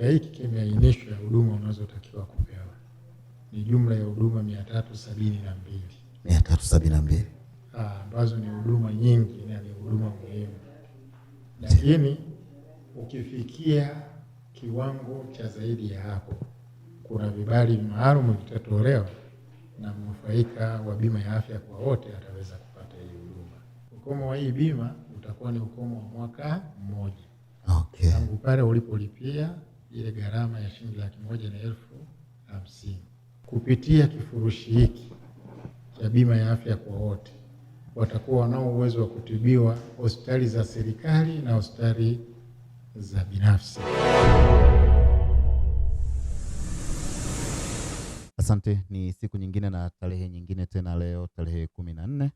Kitita hiki ya huduma unazotakiwa kupewa, ni jumla ya huduma mia tatu sabini na mbili mia tatu sabini na mbili ah, ambazo ni huduma nyingi na ni huduma muhimu, lakini ukifikia kiwango cha zaidi ya hapo, kuna vibali maalum vitatolewa na mnufaika wa bima ya afya kwa wote ataweza kupata hii huduma. Ukomo wa hii bima utakuwa ni ukomo wa mwaka mmoja tangu okay, pale ulipolipia ile gharama ya shilingi laki moja na elfu hamsini. Kupitia kifurushi hiki cha bima ya afya kwa wote, watakuwa wanao uwezo wa kutibiwa hospitali za serikali na hospitali za binafsi. Asante. Ni siku nyingine na tarehe nyingine tena, leo tarehe kumi na nne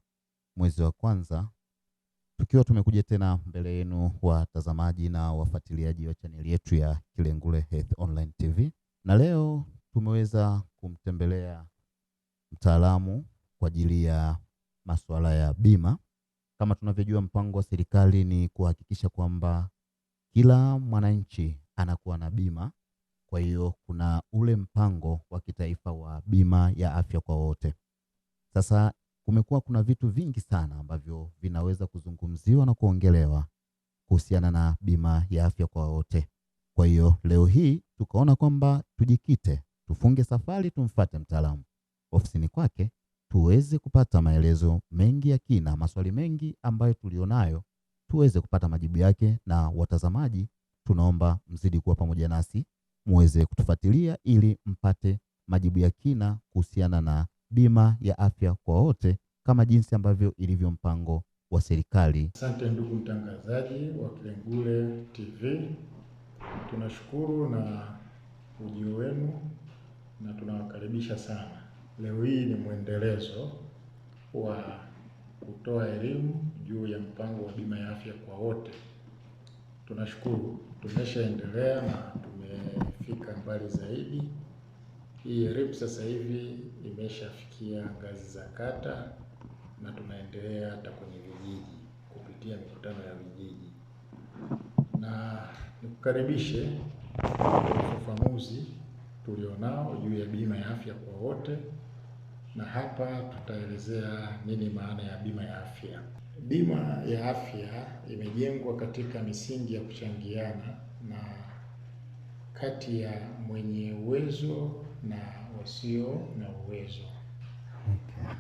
mwezi wa kwanza tukiwa tumekuja tena mbele yenu watazamaji na wafuatiliaji wa chaneli yetu ya Kilengule Health Online TV, na leo tumeweza kumtembelea mtaalamu kwa ajili ya masuala ya bima. Kama tunavyojua, mpango wa serikali ni kuhakikisha kwamba kila mwananchi anakuwa na bima. Kwa hiyo kuna ule mpango wa kitaifa wa bima ya afya kwa wote. Sasa kumekuwa kuna vitu vingi sana ambavyo vinaweza kuzungumziwa na kuongelewa kuhusiana na bima ya afya kwa wote. Kwa hiyo leo hii tukaona kwamba tujikite, tufunge safari, tumfate mtaalamu ofisini kwake tuweze kupata maelezo mengi ya kina, maswali mengi ambayo tulionayo tuweze kupata majibu yake. Na watazamaji, tunaomba mzidi kuwa pamoja nasi muweze kutufuatilia ili mpate majibu ya kina kuhusiana na bima ya afya kwa wote kama jinsi ambavyo ilivyo mpango wa serikali. Asante ndugu mtangazaji wa Kilengule TV, tunashukuru na ujio wenu na tunawakaribisha sana. Leo hii ni mwendelezo wa kutoa elimu juu ya mpango wa bima ya afya kwa wote. Tunashukuru tumeshaendelea na tumefika mbali zaidi. Hii RIP sasa hivi imeshafikia ngazi za kata na tunaendelea hata kwenye vijiji kupitia mikutano ya vijiji, na nikukaribishe ufafanuzi tulionao juu ya bima ya afya kwa wote, na hapa tutaelezea nini maana ya bima ya afya. Bima ya afya imejengwa katika misingi ya kuchangiana na kati ya mwenye uwezo na wasio na uwezo. Okay.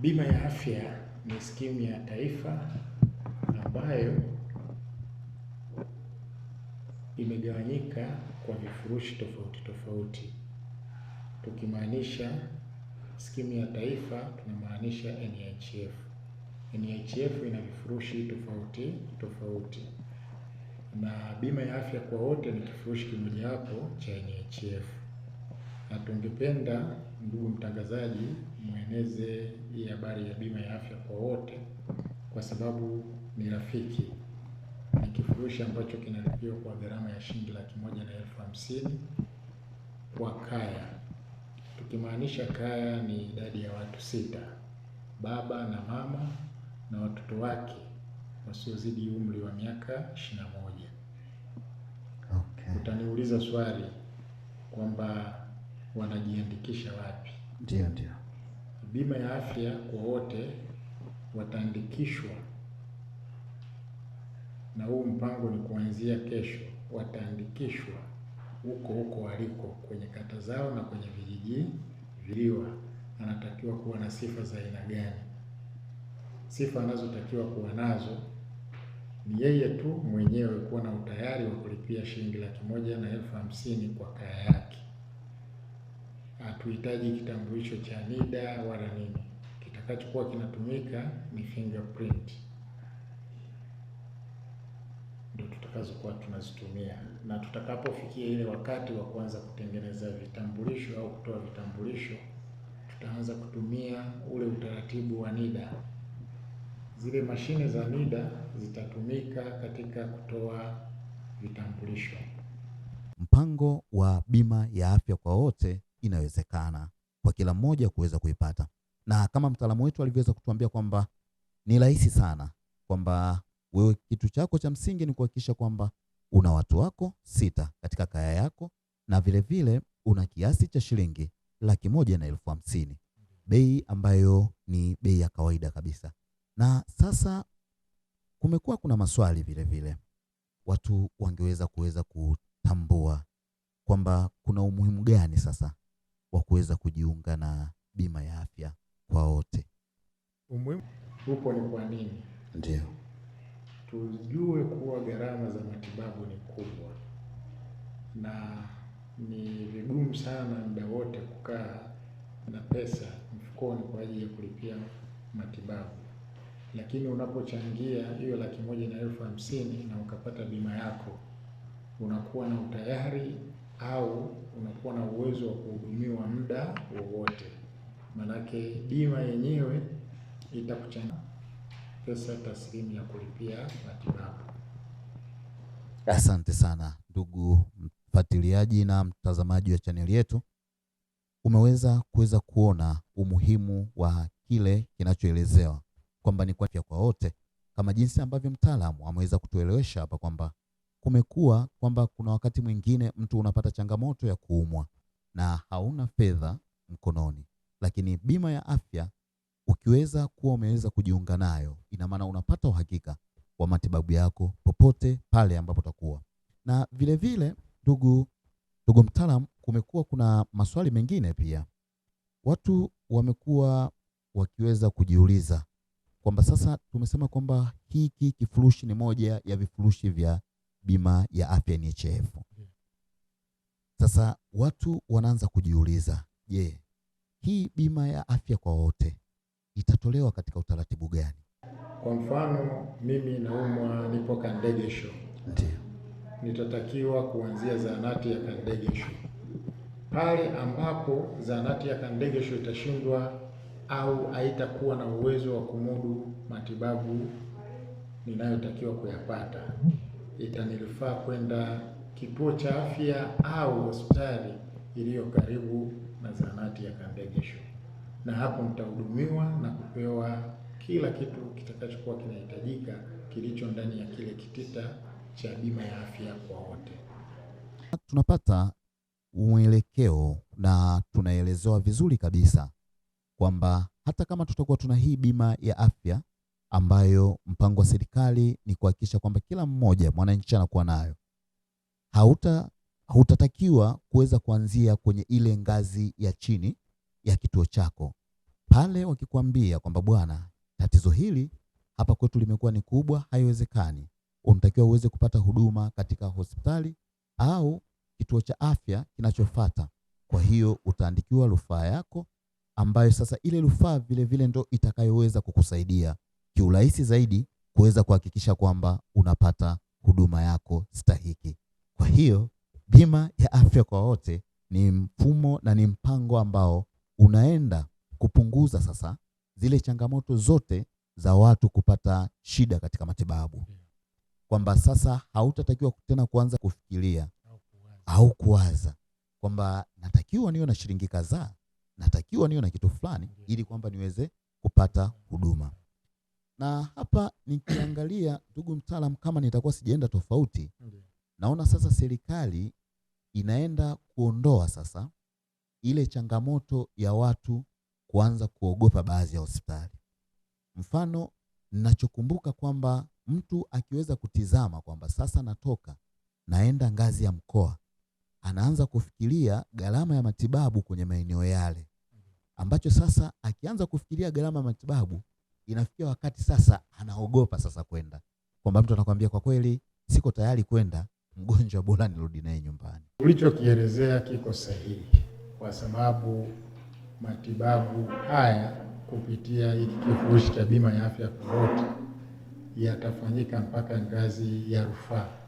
Bima ya afya ni skimu ya taifa ambayo imegawanyika kwa vifurushi tofauti tofauti. Tukimaanisha skimu ya taifa tunamaanisha NHIF. NHIF ina vifurushi tofauti tofauti na bima ya afya kwa wote ni kifurushi kimojawapo cha NHIF, na tungependa ndugu mtangazaji, mueneze hii habari ya bima ya afya kwa wote, kwa sababu ni rafiki, ni kifurushi ambacho kinalipiwa kwa gharama ya shilingi laki moja na elfu hamsini kwa kaya. Tukimaanisha kaya ni idadi ya watu sita, baba na mama na watoto wake wasiozidi umri wa miaka ishirini na moja. Okay. Utaniuliza swali kwamba wanajiandikisha wapi? Ndio, ndio. Bima ya afya kwa wote wataandikishwa, na huu mpango ni kuanzia kesho, wataandikishwa huko huko waliko kwenye kata zao na kwenye vijiji viliwa. Anatakiwa kuwa na sifa za aina gani? Sifa anazotakiwa kuwa nazo ni yeye tu mwenyewe kuwa na utayari wa kulipia shilingi laki moja na elfu hamsini kwa kaya yake. Hatuhitaji kitambulisho cha NIDA wala nini. Kitakachokuwa kinatumika ni fingerprint, ndio tutakazokuwa tunazitumia, na tutakapofikia ile wakati wa kuanza kutengeneza vitambulisho au kutoa vitambulisho, tutaanza kutumia ule utaratibu wa NIDA zile mashine za NIDA zitatumika katika kutoa vitambulisho. Mpango wa bima ya afya kwa wote inawezekana kwa kila mmoja kuweza kuipata, na kama mtaalamu wetu alivyoweza kutuambia kwamba ni rahisi sana, kwamba wewe kitu chako cha msingi ni kuhakikisha kwamba una watu wako sita katika kaya yako, na vilevile vile una kiasi cha shilingi laki moja na elfu hamsini bei ambayo ni bei ya kawaida kabisa. Na sasa kumekuwa kuna maswali vile vile, watu wangeweza kuweza kutambua kwamba kuna umuhimu gani sasa wa kuweza kujiunga na bima ya afya kwa wote. Umuhimu upo ni kwa nini? Ndio tujue kuwa gharama za matibabu ni kubwa na ni vigumu sana muda wote kukaa na pesa mfukoni kwa ajili ya kulipia matibabu lakini unapochangia hiyo laki moja na elfu hamsini na ukapata bima yako, unakuwa na utayari au unakuwa na uwezo wa kuhudumiwa muda wowote, manake bima yenyewe itakuchanga pesa taslimu ya kulipia matibabu. Asante sana ndugu mfuatiliaji na mtazamaji wa chaneli yetu, umeweza kuweza kuona umuhimu wa kile kinachoelezewa kwamba ni kwa afya kwa wote, kama jinsi ambavyo mtaalamu ameweza kutuelewesha hapa kwamba kumekuwa kwamba kuna wakati mwingine mtu unapata changamoto ya kuumwa na hauna fedha mkononi, lakini bima ya afya ukiweza kuwa umeweza kujiunga nayo, ina maana unapata uhakika wa matibabu yako popote pale ambapo utakuwa. Na vile vile, ndugu ndugu mtaalamu, kumekuwa kuna maswali mengine pia watu wamekuwa wakiweza kujiuliza kwamba sasa tumesema kwamba hiki kifurushi ni moja ya vifurushi vya bima ya afya NHIF. Sasa watu wanaanza kujiuliza, je, yeah, hii bima ya afya kwa wote itatolewa katika utaratibu gani? Kwa mfano mimi naumwa, nipo Kandegesho, ndio nitatakiwa kuanzia zahanati ya Kandegesho. Pale ambapo zahanati ya Kandegesho itashindwa au haitakuwa na uwezo wa kumudu matibabu ninayotakiwa kuyapata, itanilifaa kwenda kituo cha afya au hospitali iliyo karibu na zahanati ya Kandegesho, na hapo mtahudumiwa na kupewa kila kitu kitakachokuwa kinahitajika kilicho ndani ya kile kitita cha bima ya afya kwa wote. Tunapata mwelekeo na tunaelezewa vizuri kabisa kwamba hata kama tutakuwa tuna hii bima ya afya ambayo mpango wa serikali ni kuhakikisha kwamba kila mmoja mwananchi anakuwa nayo, hauta hautatakiwa kuweza kuanzia kwenye ile ngazi ya chini ya kituo chako. Pale wakikwambia kwamba bwana, tatizo hili hapa kwetu limekuwa ni kubwa, haiwezekani, unatakiwa uweze kupata huduma katika hospitali au kituo cha afya kinachofata Kwa hiyo utaandikiwa rufaa yako ambayo sasa ile rufaa vile vile ndo itakayoweza kukusaidia kiurahisi zaidi kuweza kuhakikisha kwamba unapata huduma yako stahiki. Kwa hiyo bima ya afya kwa wote ni mfumo na ni mpango ambao unaenda kupunguza sasa zile changamoto zote za watu kupata shida katika matibabu, kwamba sasa hautatakiwa tena kuanza kufikiria au kuwaza kwamba natakiwa niwe na shilingi kadhaa natakiwa niwe na kitu fulani ili kwamba niweze kupata huduma. Na hapa nikiangalia, ndugu mtaalamu, kama nitakuwa sijaenda tofauti, naona sasa serikali inaenda kuondoa sasa ile changamoto ya watu kuanza kuogopa baadhi ya hospitali. Mfano, ninachokumbuka kwamba mtu akiweza kutizama kwamba sasa natoka naenda ngazi ya mkoa, anaanza kufikiria gharama ya matibabu kwenye maeneo yale, ambacho sasa akianza kufikiria gharama ya matibabu inafikia wakati sasa anaogopa sasa kwenda, kwamba mtu anakwambia kwa kweli, siko tayari kwenda, mgonjwa bora nirudi naye nyumbani. Ulichokielezea kiko sahihi, kwa sababu matibabu haya kupitia hiki kifurushi cha bima ya afya kwa wote yatafanyika mpaka ngazi ya rufaa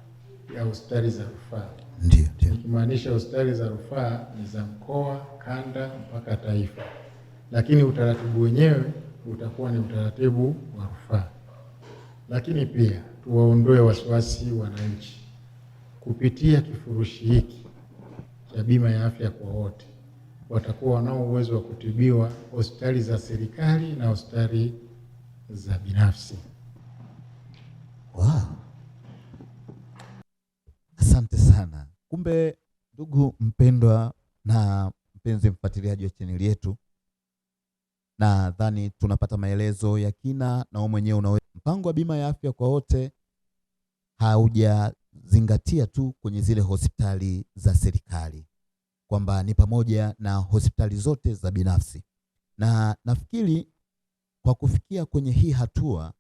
ya hospitali za rufaa. Ndio, ndio. Ikimaanisha hospitali za rufaa ni za mkoa, kanda mpaka taifa, lakini utaratibu wenyewe utakuwa ni utaratibu wa rufaa. Lakini pia tuwaondoe wasiwasi wananchi kupitia kifurushi hiki cha bima ya afya kwa wote, watakuwa wanao uwezo wa kutibiwa hospitali za serikali na hospitali za binafsi. Wow sana. Kumbe ndugu mpendwa na mpenzi mfuatiliaji wa chaneli yetu, nadhani tunapata maelezo ya kina, na wewe mwenyewe una mpango wa bima ya afya kwa wote haujazingatia tu kwenye zile hospitali za serikali, kwamba ni pamoja na hospitali zote za binafsi, na nafikiri kwa kufikia kwenye hii hatua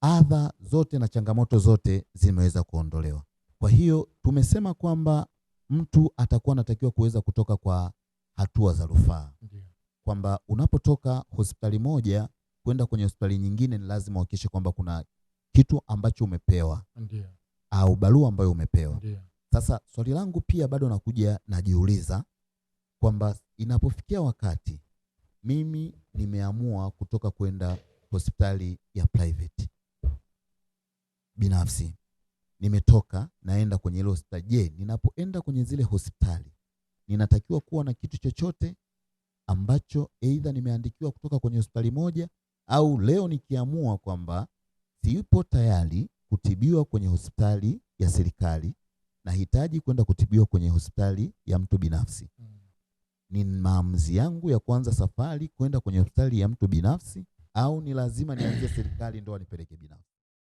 adha zote na changamoto zote zimeweza kuondolewa. Kwa hiyo tumesema kwamba mtu atakuwa anatakiwa kuweza kutoka kwa hatua za rufaa, kwamba unapotoka hospitali moja kwenda kwenye hospitali nyingine, ni lazima uhakikishe kwamba kuna kitu ambacho umepewa, ndiyo, au barua ambayo umepewa, ndiyo. Sasa swali langu pia bado nakuja najiuliza kwamba inapofikia wakati mimi nimeamua kutoka kwenda hospitali ya private binafsi nimetoka naenda kwenye ile hospitali. Je, ninapoenda kwenye zile hospitali ninatakiwa kuwa na kitu chochote ambacho aidha nimeandikiwa kutoka kwenye hospitali moja, au leo nikiamua kwamba sipo tayari kutibiwa kwenye hospitali ya serikali, nahitaji kwenda kutibiwa kwenye hospitali ya mtu binafsi Ni maamuzi yangu ya kuanza safari kwenda kwenye hospitali ya mtu binafsi, au ni lazima nianzie serikali ndo anipeleke binafsi?